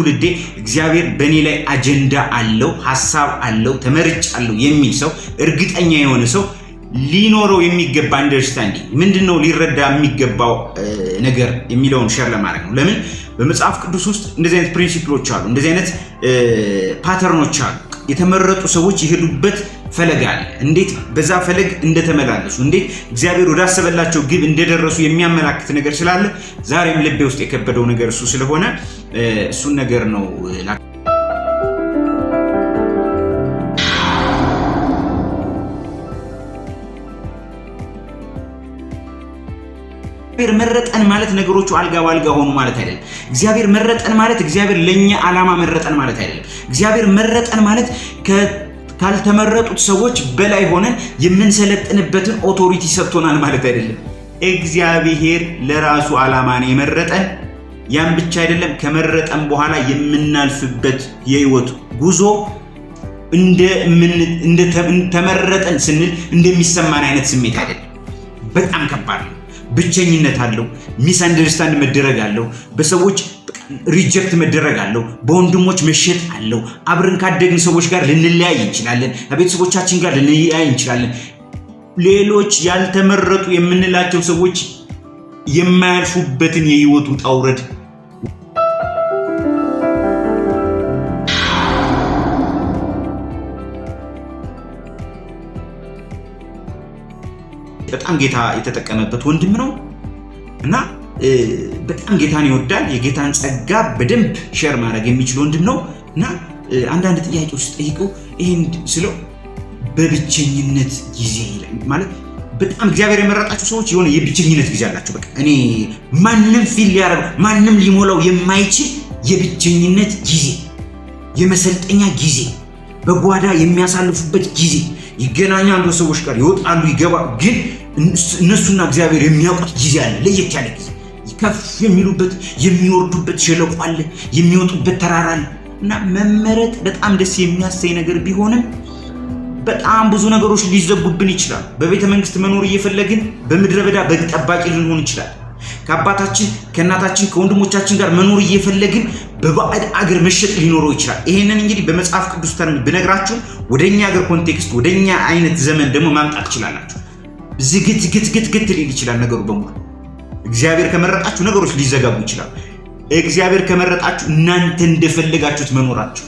ትውልዴ እግዚአብሔር በእኔ ላይ አጀንዳ አለው፣ ሀሳብ አለው፣ ተመርጫለሁ የሚል ሰው እርግጠኛ የሆነ ሰው ሊኖረው የሚገባ አንደርስታንዲንግ ምንድን ነው፣ ሊረዳ የሚገባው ነገር የሚለውን ሸር ለማድረግ ነው። ለምን በመጽሐፍ ቅዱስ ውስጥ እንደዚህ አይነት ፕሪንሲፕሎች አሉ፣ እንደዚህ አይነት ፓተርኖች አሉ። የተመረጡ ሰዎች የሄዱበት ፈለግ አለ። እንዴት በዛ ፈለግ እንደተመላለሱ፣ እንዴት እግዚአብሔር ወዳሰበላቸው ግብ እንደደረሱ የሚያመላክት ነገር ስላለ ዛሬም ልቤ ውስጥ የከበደው ነገር እሱ ስለሆነ እሱን ነገር ነው እግዚአብሔር መረጠን ማለት ነገሮቹ አልጋ ባልጋ ሆኑ ማለት አይደለም። እግዚአብሔር መረጠን ማለት እግዚአብሔር ለእኛ ዓላማ መረጠን ማለት አይደለም። እግዚአብሔር መረጠን ማለት ካልተመረጡት ሰዎች በላይ ሆነን የምንሰለጥንበትን ኦቶሪቲ ሰጥቶናል ማለት አይደለም። እግዚአብሔር ለራሱ ዓላማ ነው የመረጠን። ያን ብቻ አይደለም፣ ከመረጠን በኋላ የምናልፍበት የህይወት ጉዞ ተመረጠን ስንል እንደሚሰማን አይነት ስሜት አይደለም። በጣም ከባድ ነው። ብቸኝነት አለው። ሚስ አንደርስታንድ መደረግ አለው። በሰዎች ሪጀክት መደረግ አለው። በወንድሞች መሸጥ አለው። አብረን ካደግን ሰዎች ጋር ልንለያይ እንችላለን። ከቤተሰቦቻችን ጋር ልንለያይ እንችላለን። ሌሎች ያልተመረጡ የምንላቸው ሰዎች የማያልፉበትን የህይወቱ ጣውረድ በጣም ጌታ የተጠቀመበት ወንድም ነው እና በጣም ጌታን ይወዳል። የጌታን ጸጋ በደንብ ሼር ማድረግ የሚችል ወንድም ነው እና አንዳንድ ጥያቄዎች ጠይቀው ይህን ስለው በብቸኝነት ጊዜ ማለት በጣም እግዚአብሔር የመረጣቸው ሰዎች የሆነ የብቸኝነት ጊዜ አላቸው። በቃ እኔ ማንም ፊል ሊያደርገው ማንም ሊሞላው የማይችል የብቸኝነት ጊዜ፣ የመሰልጠኛ ጊዜ፣ በጓዳ የሚያሳልፉበት ጊዜ። ይገናኛሉ ሰዎች ጋር ይወጣሉ፣ ይገባሉ ግን እነሱና እግዚአብሔር የሚያውቁት ጊዜ አለ። ለየት ያለ ጊዜ ከፍ የሚሉበት የሚወርዱበት ሸለቆ አለ፣ የሚወጡበት ተራራ አለ እና መመረጥ በጣም ደስ የሚያሰኝ ነገር ቢሆንም በጣም ብዙ ነገሮች ሊዘጉብን ይችላል። በቤተ መንግስት መኖር እየፈለግን በምድረ በዳ በግ ጠባቂ ልንሆን ይችላል። ከአባታችን ከእናታችን ከወንድሞቻችን ጋር መኖር እየፈለግን በባዕድ አገር መሸጥ ሊኖረው ይችላል። ይሄንን እንግዲህ በመጽሐፍ ቅዱስ ተርም ብነግራችሁ ወደኛ አገር ኮንቴክስት ወደኛ አይነት ዘመን ደግሞ ማምጣት ትችላላችሁ። ዝግት ግት ግት ግት ሊል ይችላል ነገሩ በሙሉ። እግዚአብሔር ከመረጣችሁ ነገሮች ሊዘጋቡ ይችላሉ። እግዚአብሔር ከመረጣችሁ እናንተ እንደፈለጋችሁት መኖራችሁ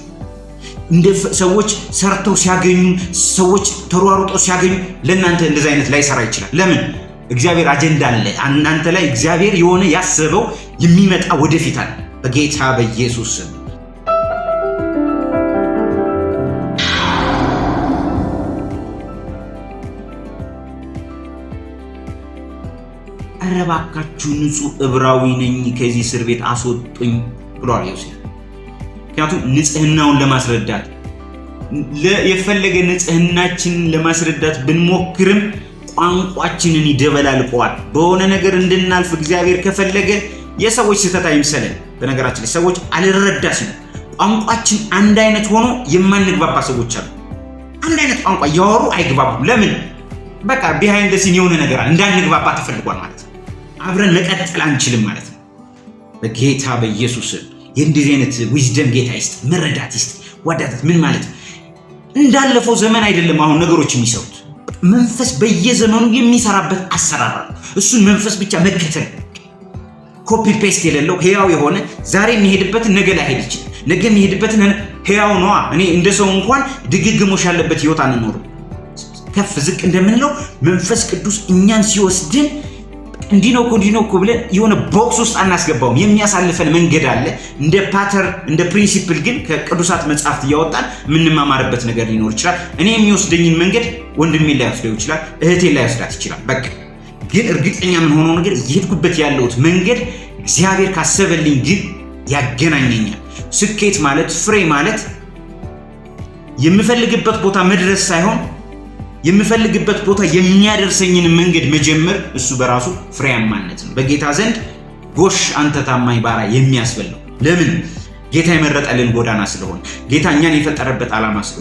ሰዎች ሰርተው ሲያገኙ፣ ሰዎች ተሯሩጠው ሲያገኙ ለእናንተ እንደዚ አይነት ላይሰራ ይችላል። ለምን? እግዚአብሔር አጀንዳ አለ እናንተ ላይ። እግዚአብሔር የሆነ ያሰበው የሚመጣ ወደፊት አለ። በጌታ በኢየሱስ ኧረ እባካችሁ ንጹሕ ዕብራዊ ነኝ ከዚህ እስር ቤት አስወጡኝ ብሏል ዮሴፍ። ምክንያቱም ንጽህናውን ለማስረዳት የፈለገ ንጽህናችንን ለማስረዳት ብንሞክርም ቋንቋችንን ይደበላልቀዋል። በሆነ ነገር እንድናልፍ እግዚአብሔር ከፈለገ የሰዎች ስህተት አይምሰለን። በነገራችን ላይ ሰዎች አልረዳ ሲሉ ቋንቋችን አንድ አይነት ሆኖ የማንግባባ ሰዎች አሉ። አንድ አይነት ቋንቋ እያወሩ አይግባቡም። ለምን? በቃ ቢሃይንድ ሲን የሆነ ነገር እንዳንግባባ ተፈልጓል ማለት ነው። አብረን መቀጠል አንችልም ማለት ነው። በጌታ በኢየሱስ የእንደዚህ አይነት ዊዝደም ጌታ ይስጥ፣ መረዳት ይስጥ። ዋዳታት ምን ማለት ነው? እንዳለፈው ዘመን አይደለም አሁን ነገሮች የሚሰሩት መንፈስ በየዘመኑ የሚሰራበት አሰራር ነው። እሱን መንፈስ ብቻ መከተል ኮፒ ፔስት የሌለው ህያው የሆነ ዛሬ የሚሄድበትን ነገ ላይሄድ ይችላል። ነገ የሚሄድበትን ህያው ነዋ። እኔ እንደ ሰው እንኳን ድግግሞሽ ያለበት ህይወት አንኖርም። ከፍ ዝቅ እንደምንለው መንፈስ ቅዱስ እኛን ሲወስድን እንዲህ ነው እኮ እንዲህ ነው እኮ ብለን የሆነ ቦክስ ውስጥ አናስገባውም። የሚያሳልፈን መንገድ አለ። እንደ ፓተር እንደ ፕሪንሲፕል ግን ከቅዱሳት መጽሐፍት እያወጣን የምንማማርበት ነገር ሊኖር ይችላል። እኔ የሚወስደኝን መንገድ ወንድሜ ላይ ወስደው ይችላል፣ እህቴ ላይ ወስዳት ይችላል። በቃ ግን እርግጠኛ ሆነው ነገር እየሄድኩበት ያለሁት መንገድ እግዚአብሔር ካሰበልኝ ግን ያገናኘኛል። ስኬት ማለት ፍሬ ማለት የምፈልግበት ቦታ መድረስ ሳይሆን የምፈልግበት ቦታ የሚያደርሰኝን መንገድ መጀመር እሱ በራሱ ፍሬያማነት ነው። በጌታ ዘንድ ጎሽ አንተ ታማኝ ባሪያ የሚያስብል ለምን? ጌታ የመረጠልን ጎዳና ስለሆነ፣ ጌታ እኛን የፈጠረበት ዓላማ ስለሆነ።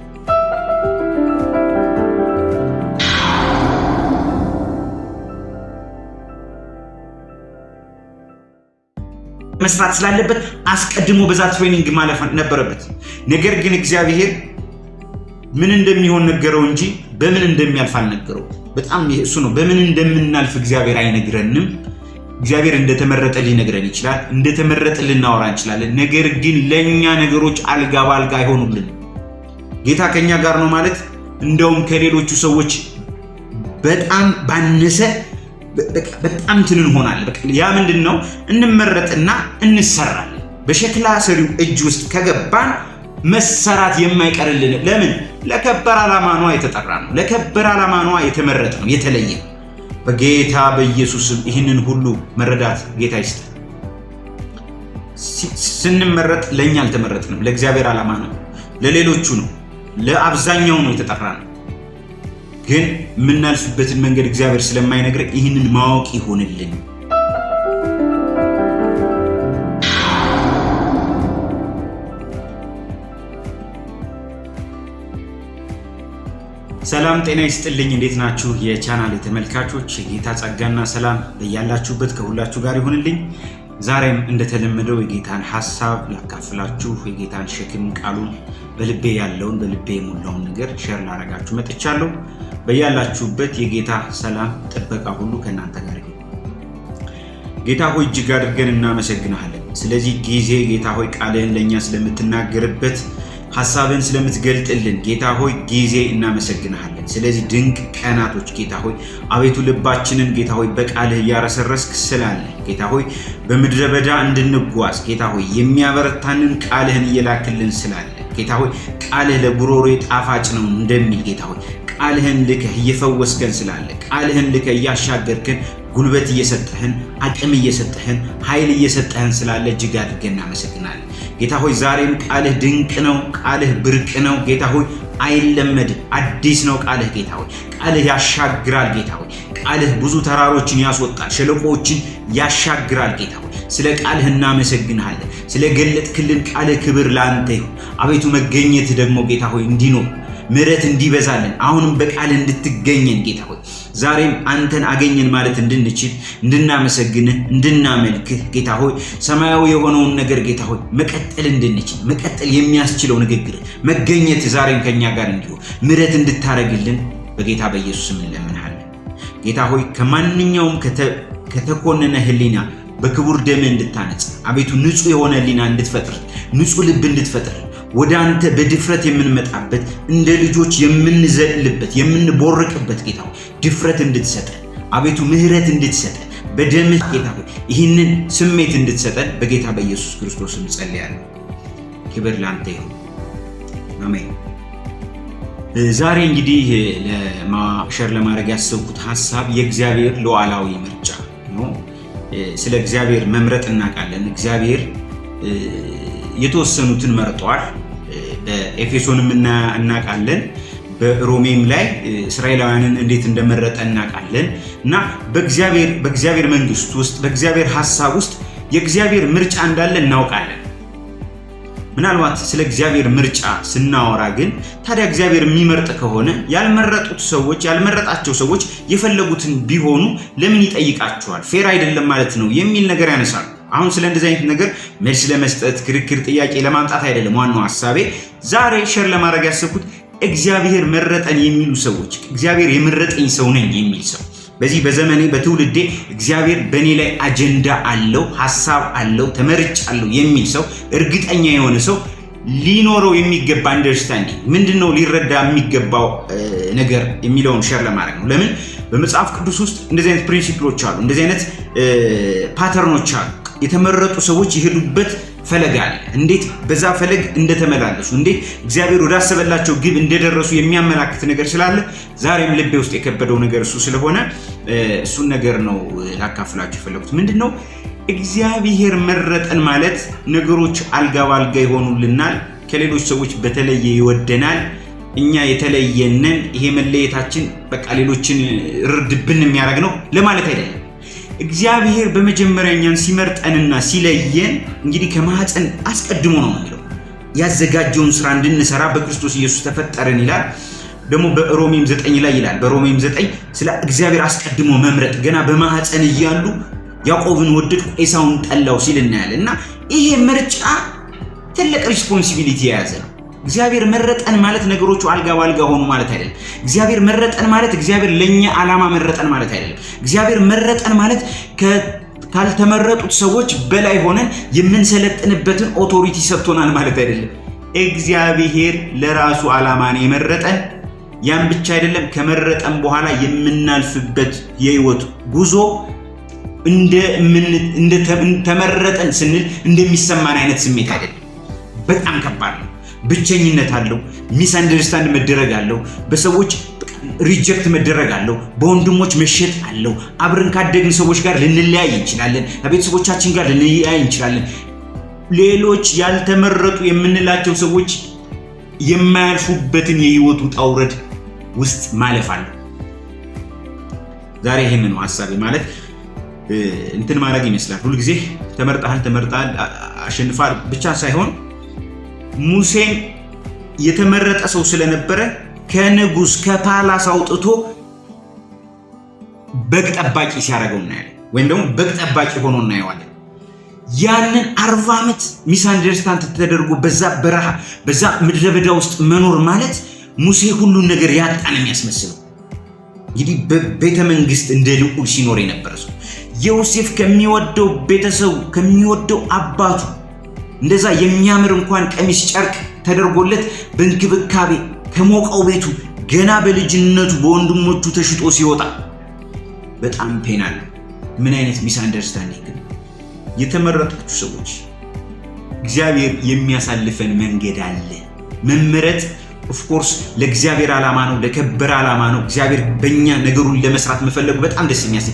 መስራት ስላለበት አስቀድሞ በዛ ትሬኒንግ ማለፍ ነበረበት። ነገር ግን እግዚአብሔር ምን እንደሚሆን ነገረው እንጂ በምን እንደሚያልፍ አልነገረው። በጣም እሱ ነው። በምን እንደምናልፍ እግዚአብሔር አይነግረንም። እግዚአብሔር እንደተመረጠ ሊነግረን ይችላል። እንደተመረጠ ልናወራ እንችላለን። ነገር ግን ለእኛ ነገሮች አልጋ በአልጋ አይሆኑልን። ጌታ ከኛ ጋር ነው ማለት እንደውም ከሌሎቹ ሰዎች በጣም ባነሰ በጣም ትን እንሆናለን። ያ ምንድን ነው? እንመረጥና እንሰራለን። በሸክላ ሰሪው እጅ ውስጥ ከገባን መሰራት የማይቀርልን ለምን ለከበረ ዓላማ ነዋ የተጠራ ነው። ለከበረ ዓላማ ነዋ የተመረጠ ነው፣ የተለየ በጌታ በኢየሱስም ይህንን ሁሉ መረዳት ጌታ ይስጥ። ስንመረጥ ለእኛ አልተመረጥንም፣ ለእግዚአብሔር ዓላማ ነው፣ ለሌሎቹ ነው፣ ለአብዛኛው ነው የተጠራ ነው። ግን የምናልፍበትን መንገድ እግዚአብሔር ስለማይነግረ ይህንን ማወቅ ይሆንልን። ሰላም ጤና ይስጥልኝ። እንዴት ናችሁ? የቻናል የተመልካቾች የጌታ ጸጋና ሰላም በያላችሁበት ከሁላችሁ ጋር ይሁንልኝ። ዛሬም እንደተለመደው የጌታን ሀሳብ ላካፍላችሁ፣ የጌታን ሸክም ቃሉን፣ በልቤ ያለውን በልቤ የሞላውን ነገር ሼር ላረጋችሁ መጥቻለሁ። በያላችሁበት የጌታ ሰላም ጥበቃ ሁሉ ከእናንተ ጋር ይሁን። ጌታ ሆይ እጅግ አድርገን እናመሰግናለን። ስለዚህ ጊዜ ጌታ ሆይ ቃልህን ለእኛ ስለምትናገርበት ሐሳብን ስለምትገልጥልን ጌታ ሆይ ጊዜ እናመሰግንሃለን። ስለዚህ ድንቅ ቀናቶች ጌታ ሆይ አቤቱ ልባችንን ጌታ ሆይ በቃልህ እያረሰረስክ ስላለ ጌታ ሆይ በምድረ በዳ እንድንጓዝ ጌታ ሆይ የሚያበረታንን ቃልህን እየላክልን ስላለ ጌታ ሆይ ቃልህ ለጉሮሮ ጣፋጭ ነው እንደሚል ጌታ ሆይ ቃልህን ልከህ እየፈወስከን ስላለ ቃልህን ልከህ እያሻገርክን ጉልበት እየሰጠህን አቅም እየሰጠህን ኃይል እየሰጠህን ስላለ እጅግ አድርገን እናመሰግናለን። ጌታ ሆይ ዛሬም ቃልህ ድንቅ ነው። ቃልህ ብርቅ ነው። ጌታ ሆይ አይለመድ አዲስ ነው ቃልህ ጌታ ሆይ ቃልህ ያሻግራል ጌታ ሆይ ቃልህ ብዙ ተራሮችን ያስወጣል፣ ሸለቆዎችን ያሻግራል ጌታ ሆይ ስለ ቃልህ እናመሰግንሃለን። ስለ ገለጥክልን ቃልህ ክብር ለአንተ ይሁን። አቤቱ መገኘት ደግሞ ጌታ ሆይ እንዲኖር ምሕረት እንዲበዛልን አሁንም በቃል እንድትገኘን ጌታ ሆይ ዛሬም አንተን አገኘን ማለት እንድንችል እንድናመሰግንህ፣ እንድናመልክህ ጌታ ሆይ ሰማያዊ የሆነውን ነገር ጌታ ሆይ መቀጠል እንድንችል መቀጠል የሚያስችለው ንግግር መገኘት ዛሬም ከኛ ጋር እንዲሁ ምሕረት እንድታደርግልን በጌታ በኢየሱስ ስም እንለምንሃለን። ጌታ ሆይ ከማንኛውም ከተኮነነ ህሊና በክቡር ደም እንድታነጽ አቤቱ ንጹሕ የሆነ ህሊና እንድትፈጥር ንጹሕ ልብ እንድትፈጥር ወደ አንተ በድፍረት የምንመጣበት እንደ ልጆች የምንዘልበት የምንቦርቅበት ጌታ ድፍረት እንድትሰጠን አቤቱ ምሕረት እንድትሰጠን በደምህ ጌታ ይህንን ስሜት እንድትሰጠን በጌታ በኢየሱስ ክርስቶስ እንጸልያለን። ክብር ለአንተ ይሁን፣ አሜን። ዛሬ እንግዲህ ለማሸር ለማድረግ ያሰብኩት ሀሳብ የእግዚአብሔር ሉዓላዊ ምርጫ ነው። ስለ እግዚአብሔር መምረጥ እናውቃለን። እግዚአብሔር የተወሰኑትን መርጧል። ኤፌሶንም እናውቃለን። በሮሜም ላይ እስራኤላውያንን እንዴት እንደመረጠ እናውቃለን። እና በእግዚአብሔር መንግስት ውስጥ በእግዚአብሔር ሀሳብ ውስጥ የእግዚአብሔር ምርጫ እንዳለ እናውቃለን። ምናልባት ስለ እግዚአብሔር ምርጫ ስናወራ ግን ታዲያ እግዚአብሔር የሚመርጥ ከሆነ ያልመረጡት ሰዎች ያልመረጣቸው ሰዎች የፈለጉትን ቢሆኑ ለምን ይጠይቃቸዋል? ፌር አይደለም ማለት ነው የሚል ነገር ያነሳሉ። አሁን ስለ እንደዚህ አይነት ነገር መልስ ለመስጠት ክርክር፣ ጥያቄ ለማምጣት አይደለም ዋናው ሀሳቤ። ዛሬ ሸር ለማድረግ ያሰብኩት እግዚአብሔር መረጠን የሚሉ ሰዎች፣ እግዚአብሔር የመረጠኝ ሰው ነኝ የሚል ሰው በዚህ በዘመኔ በትውልዴ እግዚአብሔር በእኔ ላይ አጀንዳ አለው፣ ሀሳብ አለው፣ ተመርጫለሁ የሚል ሰው እርግጠኛ የሆነ ሰው ሊኖረው የሚገባ አንደርስታንዲንግ ምንድን ነው ሊረዳ የሚገባው ነገር የሚለውን ሸር ለማድረግ ነው። ለምን በመጽሐፍ ቅዱስ ውስጥ እንደዚህ አይነት ፕሪንሲፕሎች አሉ፣ እንደዚህ አይነት ፓተርኖች አሉ። የተመረጡ ሰዎች የሄዱበት ፈለግ አለ። እንዴት በዛ ፈለግ እንደተመላለሱ፣ እንዴት እግዚአብሔር ወዳሰበላቸው ግብ እንደደረሱ የሚያመላክት ነገር ስላለ ዛሬም ልቤ ውስጥ የከበደው ነገር እሱ ስለሆነ እሱን ነገር ነው ላካፍላችሁ የፈለጉት። ምንድን ነው እግዚአብሔር መረጠን ማለት ነገሮች አልጋ ባልጋ ይሆኑልናል። ከሌሎች ሰዎች በተለየ ይወደናል። እኛ የተለየነን። ይሄ መለየታችን በቃ ሌሎችን ርድብን የሚያደርግ ነው ለማለት አይደለም። እግዚአብሔር በመጀመሪያ እኛን ሲመርጠንና ሲለየን እንግዲህ ከማህፀን አስቀድሞ ነው የሚለው ያዘጋጀውን ስራ እንድንሰራ በክርስቶስ ኢየሱስ ተፈጠርን ይላል። ደግሞ በሮሜም ዘጠኝ ላይ ይላል። በሮሜም ዘጠኝ ስለ እግዚአብሔር አስቀድሞ መምረጥ ገና በማህፀን እያሉ ያዕቆብን ወደድኩ ኤሳውን ጠላው ሲል እናያለን እና ይሄ ምርጫ ትልቅ ሪስፖንሲቢሊቲ የያዘ ነው። እግዚአብሔር መረጠን ማለት ነገሮቹ አልጋ ባልጋ ሆኑ ማለት አይደለም። እግዚአብሔር መረጠን ማለት እግዚአብሔር ለእኛ ዓላማ መረጠን ማለት አይደለም። እግዚአብሔር መረጠን ማለት ካልተመረጡት ሰዎች በላይ ሆነን የምንሰለጥንበትን ኦቶሪቲ ሰጥቶናል ማለት አይደለም። እግዚአብሔር ለራሱ ዓላማ ነው የመረጠን። ያም ብቻ አይደለም፣ ከመረጠን በኋላ የምናልፍበት የህይወት ጉዞ እንደ ተመረጠን ስንል እንደሚሰማን አይነት ስሜት አይደለም። በጣም ከባድ ነው። ብቸኝነት አለው። ሚስ አንደርስታንድ መደረግ አለው። በሰዎች ሪጀክት መደረግ አለው። በወንድሞች መሸጥ አለው። አብረን ካደግን ሰዎች ጋር ልንለያይ እንችላለን። ከቤተሰቦቻችን ጋር ልንለያይ እንችላለን። ሌሎች ያልተመረጡ የምንላቸው ሰዎች የማያልፉበትን የህይወት ውጣ ውረድ ውስጥ ማለፍ አለ። ዛሬ ይሄን ነው ሀሳቤ ማለት እንትን ማድረግ ይመስላል። ሁልጊዜ ተመርጣል ተመርጣል አሸንፋል ብቻ ሳይሆን ሙሴን የተመረጠ ሰው ስለነበረ ከንጉስ ከፓላስ አውጥቶ በግ ጠባቂ ሲያደርገው እናያለን፣ ወይም ደግሞ በግ ጠባቂ ሆኖ እናየዋለን። ያንን አርባ ዓመት ሚስ አንደርስታንድ ተደርጎ በዛ በረሃ በዛ ምድረ በዳ ውስጥ መኖር ማለት ሙሴ ሁሉን ነገር ያጣን የሚያስመስለው እንግዲህ በቤተ መንግስት እንደ ልዑል ሲኖር የነበረ ሰው ዮሴፍ ከሚወደው ቤተሰቡ ከሚወደው አባቱ እንደዛ የሚያምር እንኳን ቀሚስ ጨርቅ ተደርጎለት በእንክብካቤ ከሞቀው ቤቱ ገና በልጅነቱ በወንድሞቹ ተሽጦ ሲወጣ በጣም ፔናል። ምን አይነት ሚስ አንደርስታንዲንግ ነው! የተመረጣችሁ ሰዎች እግዚአብሔር የሚያሳልፈን መንገድ አለ። መመረጥ ኦፍኮርስ ለእግዚአብሔር ዓላማ ነው፣ ለከበረ ዓላማ ነው። እግዚአብሔር በእኛ ነገሩን ለመስራት መፈለጉ በጣም ደስ የሚያስ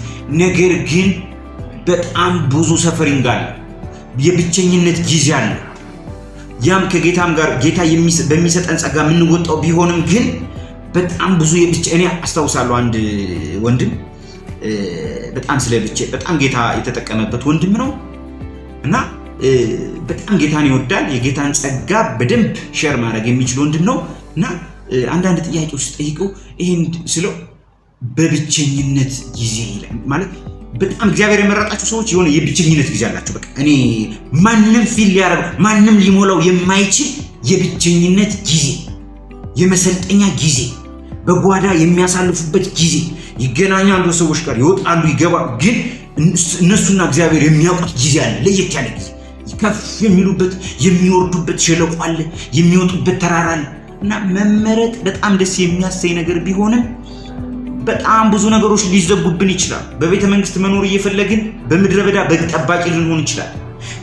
ነገር ግን በጣም ብዙ ሰፈሪንግ አለ። የብቸኝነት ጊዜ አለ። ያም ከጌታም ጋር ጌታ በሚሰጠን ጸጋ የምንወጣው ቢሆንም ግን በጣም ብዙ የብቻ እኔ አስታውሳለሁ አንድ ወንድም በጣም ስለ ብቻ በጣም ጌታ የተጠቀመበት ወንድም ነው እና በጣም ጌታን ይወዳል። የጌታን ጸጋ በደንብ ሸር ማድረግ የሚችል ወንድም ነው እና አንዳንድ ጥያቄዎች ስጠይቀው ይህን ስለው በብቸኝነት ጊዜ ማለት በጣም እግዚአብሔር የመረጣቸው ሰዎች የሆነ የብቸኝነት ጊዜ አላቸው። በቃ እኔ ማንም ፊል ሊያደርገው ማንም ሊሞላው የማይችል የብቸኝነት ጊዜ፣ የመሰልጠኛ ጊዜ፣ በጓዳ የሚያሳልፉበት ጊዜ። ይገናኛሉ ሰዎች ጋር ይወጣሉ፣ ይገባሉ። ግን እነሱና እግዚአብሔር የሚያውቁት ጊዜ አለ፣ ለየት ያለ ጊዜ። ከፍ የሚሉበት የሚወርዱበት ሸለቆ አለ፣ የሚወጡበት ተራራ አለ እና መመረጥ በጣም ደስ የሚያሰኝ ነገር ቢሆንም በጣም ብዙ ነገሮች ሊዘጉብን ይችላል። በቤተ መንግስት መኖር እየፈለግን በምድረ በዳ በግ ጠባቂ ልንሆን ይችላል።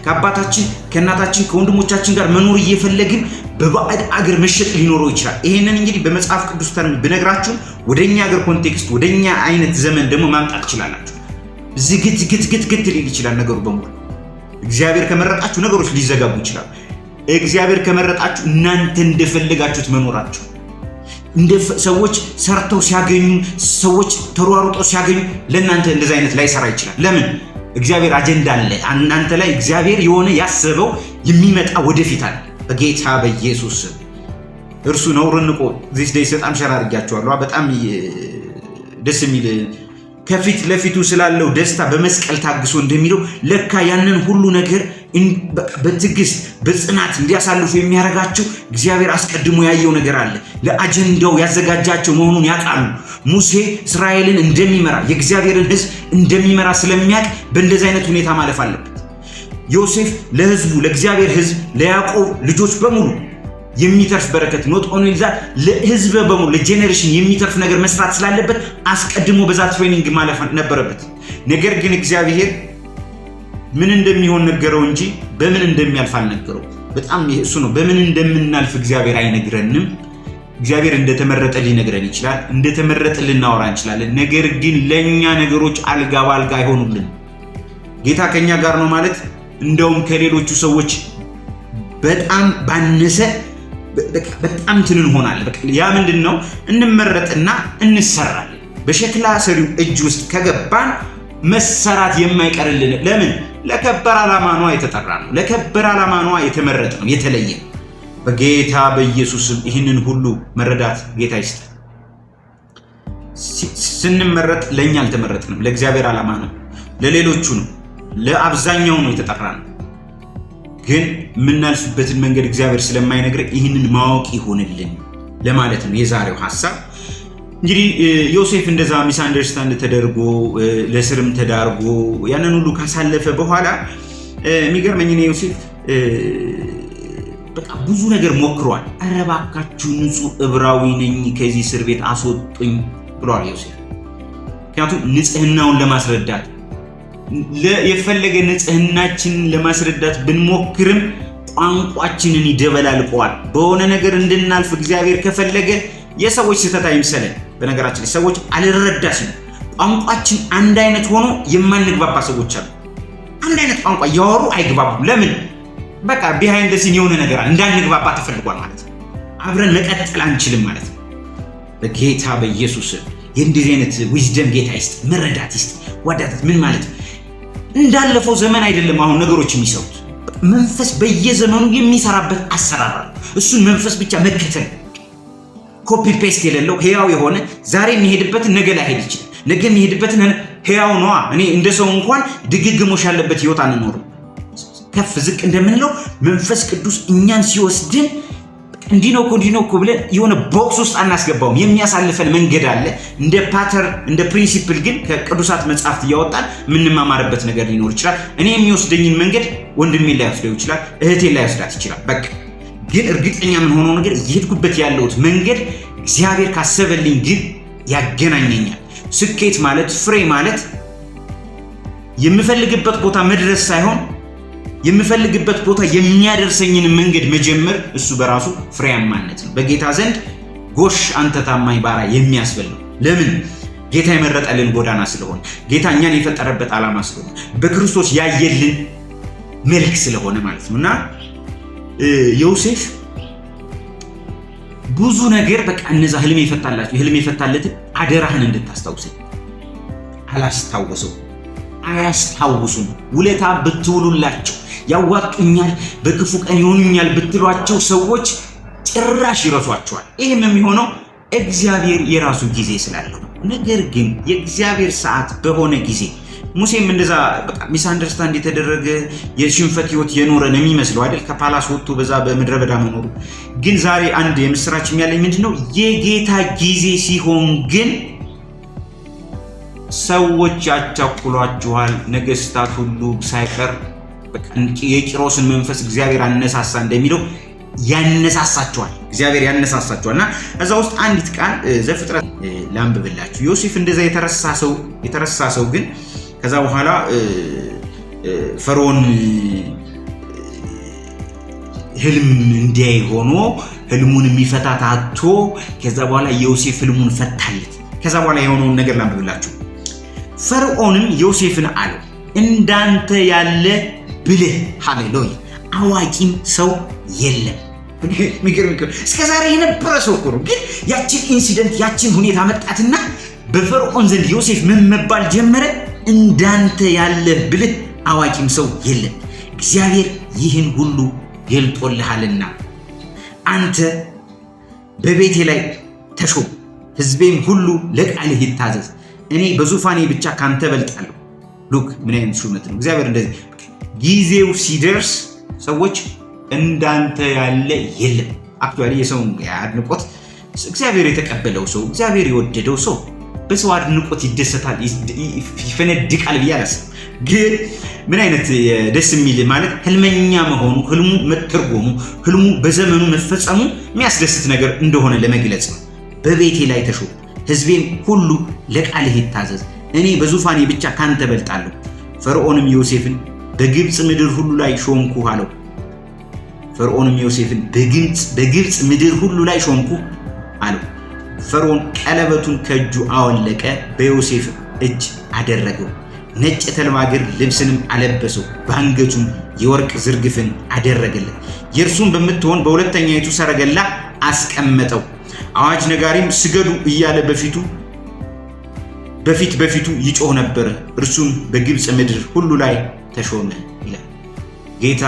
ከአባታችን ከእናታችን ከወንድሞቻችን ጋር መኖር እየፈለግን በባዕድ አገር መሸጥ ሊኖረው ይችላል። ይሄንን እንግዲህ በመጽሐፍ ቅዱስ ተርም ብነግራችሁ ወደኛ አገር ኮንቴክስት ወደኛ አይነት ዘመን ደግሞ ማምጣት ይችላላችሁ። ዝግትግትግትግት ግት ግት ሊል ይችላል ነገሩ በሙሉ። እግዚአብሔር ከመረጣችሁ ነገሮች ሊዘጋቡ ይችላሉ። እግዚአብሔር ከመረጣችሁ እናንተ እንደፈለጋችሁት መኖራችሁ እንደ ሰዎች ሰርተው ሲያገኙ ሰዎች ተሯሩጠው ሲያገኙ ለእናንተ እንደዚህ አይነት ላይሰራ ይችላል። ለምን? እግዚአብሔር አጀንዳ አለ እናንተ ላይ። እግዚአብሔር የሆነ ያሰበው የሚመጣ ወደፊት አለ። በጌታ በኢየሱስ እርሱ ነውርን ንቆ ዚስ ደይ በጣም ሸራ አድርጊያቸዋለሁ። በጣም ደስ የሚል ከፊት ለፊቱ ስላለው ደስታ በመስቀል ታግሶ እንደሚለው ለካ ያንን ሁሉ ነገር በትዕግስት በጽናት እንዲያሳልፉ የሚያደርጋቸው እግዚአብሔር አስቀድሞ ያየው ነገር አለ። ለአጀንዳው ያዘጋጃቸው መሆኑን ያውቃሉ። ሙሴ እስራኤልን እንደሚመራ የእግዚአብሔርን ሕዝብ እንደሚመራ ስለሚያውቅ በእንደዚህ አይነት ሁኔታ ማለፍ አለበት። ዮሴፍ ለሕዝቡ ለእግዚአብሔር ሕዝብ ለያዕቆብ ልጆች በሙሉ የሚተርፍ በረከት ኖት ኦንሊ ዛት ለህዝብ በሙሉ ለጄኔሬሽን የሚተርፍ ነገር መስራት ስላለበት አስቀድሞ በዛ ትሬኒንግ ማለፍ ነበረበት። ነገር ግን እግዚአብሔር ምን እንደሚሆን ነገረው እንጂ በምን እንደሚያልፍ አልነገረው። በጣም እሱ ነው። በምን እንደምናልፍ እግዚአብሔር አይነግረንም። እግዚአብሔር እንደተመረጠ ሊነግረን ይችላል፣ እንደተመረጠ ልናወራ እንችላለን። ነገር ግን ለእኛ ነገሮች አልጋ ባልጋ አይሆኑልን። ጌታ ከእኛ ጋር ነው ማለት እንደውም ከሌሎቹ ሰዎች በጣም ባነሰ በጣም ትን እንሆናለን። ያ ምንድን ነው? እንመረጥና እንሰራለን። በሸክላ ሰሪው እጅ ውስጥ ከገባን መሰራት የማይቀርልን ለምን ለከበር ዓላማ ነዋ የተጠራ ነው። ለከበረ ዓላማ ነዋ የተመረጠ ነው፣ የተለየ በጌታ በኢየሱስም ይህንን ሁሉ መረዳት ጌታ ይስጥ። ስንመረጥ ለእኛ አልተመረጥንም፣ ለእግዚአብሔር ዓላማ ነው፣ ለሌሎቹ ነው፣ ለአብዛኛው ነው የተጠራ ነው። ግን የምናልፍበትን መንገድ እግዚአብሔር ስለማይነግር ይህንን ማወቅ ይሆንልን ለማለት ነው የዛሬው ሀሳብ። እንግዲህ ዮሴፍ እንደዛ ሚስ አንደርስታንድ ተደርጎ ለስርም ተዳርጎ ያንን ሁሉ ካሳለፈ በኋላ የሚገርመኝ ዮሴፍ በቃ ብዙ ነገር ሞክሯል። አረባካችሁ እባካችሁ ንጹሕ ነኝ ከዚህ እስር ቤት አስወጡኝ ብሏል ዮሴፍ። ምክንያቱም ንጽህናውን ለማስረዳት የፈለገ ንጽህናችን ለማስረዳት ብንሞክርም ቋንቋችንን ይደበላልቀዋል። በሆነ ነገር እንድናልፍ እግዚአብሔር ከፈለገ የሰዎች ስህተት አይምሰለን። በነገራችን ሰዎች አልረዳ ሲሉ ቋንቋችን አንድ አይነት ሆኖ የማንግባባ ሰዎች አሉ። አንድ አይነት ቋንቋ እያወሩ አይግባቡም። ለምን? በቃ ቢሃይንድ ሲን የሆነ ነገር እንዳንግባባ ተፈልጓል ማለት ነው። አብረን መቀጠል አንችልም ማለት ነው። በጌታ በኢየሱስ የእንዲህ አይነት ዊዝደም ጌታ ይስጥ፣ መረዳት ይስጥ። ዋዳታት ምን ማለት ነው? እንዳለፈው ዘመን አይደለም አሁን ነገሮች የሚሰሩት መንፈስ በየዘመኑ የሚሰራበት አሰራር እሱን መንፈስ ብቻ መከተል ኮፒ ፔስት የሌለው ህያው የሆነ ዛሬ የሚሄድበት ነገ ላይሄድ ይችላል። ነገ የሚሄድበት ህያው ነዋ። እኔ እንደ ሰው እንኳን ድግግሞሽ ያለበት ህይወት አንኖርም። ከፍ ዝቅ እንደምንለው መንፈስ ቅዱስ እኛን ሲወስድን እንዲህ ነው እኮ እንዲህ ነው እኮ ብለን የሆነ ቦክስ ውስጥ አናስገባውም። የሚያሳልፈን መንገድ አለ። እንደ ፓተር እንደ ፕሪንሲፕል ግን ከቅዱሳት መጽሐፍት እያወጣን የምንማማርበት ነገር ሊኖር ይችላል። እኔ የሚወስደኝን መንገድ ወንድሜ ወስደው ይችላል፣ እህቴ ወስዳት ይችላል። በቃ ግን እርግጠኛ የምንሆነው ነገር እየሄድኩበት ያለሁት መንገድ እግዚአብሔር ካሰበልኝ ግን ያገናኘኛል። ስኬት ማለት ፍሬ ማለት የምፈልግበት ቦታ መድረስ ሳይሆን የምፈልግበት ቦታ የሚያደርሰኝን መንገድ መጀመር፣ እሱ በራሱ ፍሬያማነት ነው። በጌታ ዘንድ ጎሽ አንተ ታማኝ ባሪያ የሚያስብል ነው። ለምን? ጌታ የመረጠልን ጎዳና ስለሆነ፣ ጌታ እኛን የፈጠረበት ዓላማ ስለሆነ፣ በክርስቶስ ያየልን መልክ ስለሆነ ማለት ነው እና ዮሴፍ ብዙ ነገር በቃ እነዛ ህልም የፈታላቸው ህልም የፈታለትን አደራህን እንድታስታውሰኝ አላስታወሰው። አያስታውሱም። ውለታ ብትውሉላቸው ያዋጡኛል፣ በክፉ ቀን ይሆኑኛል ብትሏቸው ሰዎች ጭራሽ ይረሷቸዋል። ይህም የሚሆነው እግዚአብሔር የራሱ ጊዜ ስላለው። ነገር ግን የእግዚአብሔር ሰዓት በሆነ ጊዜ ሙሴም እንደዛ ሚስ አንደርስታንድ የተደረገ የሽንፈት ህይወት የኖረ ነው የሚመስለው አይደል? ከፓላስ ወጥቶ በዛ በምድረ በዳ መኖሩ። ግን ዛሬ አንድ የምስራች የሚያለኝ ምንድን ነው? የጌታ ጊዜ ሲሆን ግን ሰዎች ያቻኩሏችኋል፣ ነገስታት ሁሉ ሳይቀር የቂሮስን መንፈስ እግዚአብሔር አነሳሳ እንደሚለው ያነሳሳቸዋል። እግዚአብሔር ያነሳሳቸዋል እና እዛ ውስጥ አንዲት ቃል ዘፍጥረት ላንብብላችሁ። ዮሴፍ እንደዛ የተረሳ ሰው ግን ከዛ በኋላ ፈርዖን ህልም እንዲያይ ሆኖ ህልሙን የሚፈታ ታቶ ከዛ በኋላ ዮሴፍ ህልሙን ፈታለት። ከዛ በኋላ የሆነውን ነገር ላንብብላችሁ። ፈርዖንም ዮሴፍን አለው እንዳንተ ያለ ብልህ ሃሌሉያ አዋቂም ሰው የለም። እስከ ዛሬ የነበረ ሰው እኮ ነው። ግን ያችን ኢንሲደንት ያችን ሁኔታ መጣትና በፈርዖን ዘንድ ዮሴፍ ምን መባል ጀመረ? እንዳንተ ያለ ብልህ አዋቂም ሰው የለም፣ እግዚአብሔር ይህን ሁሉ ገልጦልሃልና። አንተ በቤቴ ላይ ተሾም፣ ሕዝቤም ሁሉ ለቃልህ ይታዘዝ። እኔ በዙፋኔ ብቻ ካንተ በልጣለሁ። ሉክ ምን አይነት ሹመት ነው! እግዚአብሔር እንደዚህ ጊዜው ሲደርስ ሰዎች እንዳንተ ያለ የለም። አክቹዋሊ የሰውን አድንቆት እግዚአብሔር የተቀበለው ሰው እግዚአብሔር የወደደው ሰው በሰው አድንቆት ይደሰታል፣ ይፈነድቃል ብዬ አላስብም። ግን ምን አይነት ደስ የሚል ማለት ህልመኛ መሆኑ ህልሙ መተርጎሙ ህልሙ በዘመኑ መፈጸሙ የሚያስደስት ነገር እንደሆነ ለመግለጽ ነው። በቤቴ ላይ ተሾም፣ ህዝቤም ሁሉ ለቃልህ ይታዘዝ፣ እኔ በዙፋኔ ብቻ ካንተ በልጣለሁ። ፈርዖንም ዮሴፍን በግብፅ ምድር ሁሉ ላይ ሾምኩ አለው። ፈርዖንም ዮሴፍን በግብፅ ምድር ሁሉ ላይ ሾምኩ አለው። ፈርዖን ቀለበቱን ከእጁ አወለቀ፣ በዮሴፍ እጅ አደረገው። ነጭ የተልባግር ልብስንም አለበሰው፣ በአንገቱም የወርቅ ዝርግፍን አደረገለት። የእርሱም በምትሆን በሁለተኛይቱ ሰረገላ አስቀመጠው። አዋጅ ነጋሪም ስገዱ እያለ በፊቱ በፊት በፊቱ ይጮህ ነበር። እርሱም በግብፅ ምድር ሁሉ ላይ ተሾመ ይላል። ጌታ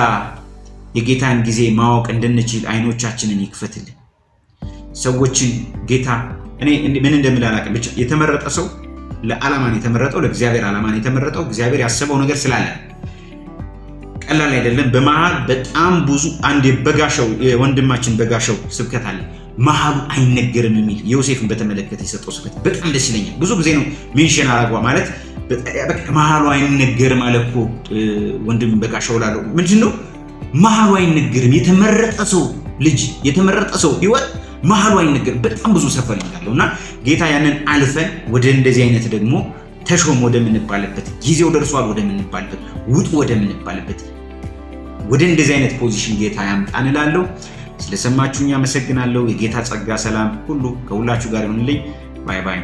የጌታን ጊዜ ማወቅ እንድንችል አይኖቻችንን ይክፈትልን። ሰዎችን ጌታ እኔ ምን እንደምል አላውቅም። ብቻ የተመረጠ ሰው ለዓላማ ነው የተመረጠው፣ ለእግዚአብሔር ዓላማ ነው የተመረጠው። እግዚአብሔር ያሰበው ነገር ስላለ ቀላል አይደለም። በመሀል በጣም ብዙ አንድ የበጋሻው የወንድማችን በጋሸው ስብከት አለ መሀሉ አይነገርም የሚል ዮሴፍን በተመለከተ የሰጠው ስብከት በጣም ደስ ይለኛል። ብዙ ጊዜ ነው ሜንሽን አላጓ ማለት መሃሉ አይነገርም አለ እኮ ወንድም በጋሻው ላለው ምንድን ነው መሀሉ አይነገርም የተመረጠ ሰው ልጅ የተመረጠ ሰው ህይወት መሀሉ አይነገርም። በጣም ብዙ ሰፈር እንዳለው እና ጌታ ያንን አልፈን ወደ እንደዚህ አይነት ደግሞ ተሾም ወደምንባልበት ጊዜው ደርሷል ወደምንባልበት ውጡ ወደምንባልበት ወደ እንደዚህ አይነት ፖዚሽን ጌታ ያምጣን እላለሁ። ስለሰማችሁኝ አመሰግናለሁ። የጌታ ጸጋ ሰላም ሁሉ ከሁላችሁ ጋር ይሁንልኝ። ባይ ባይ።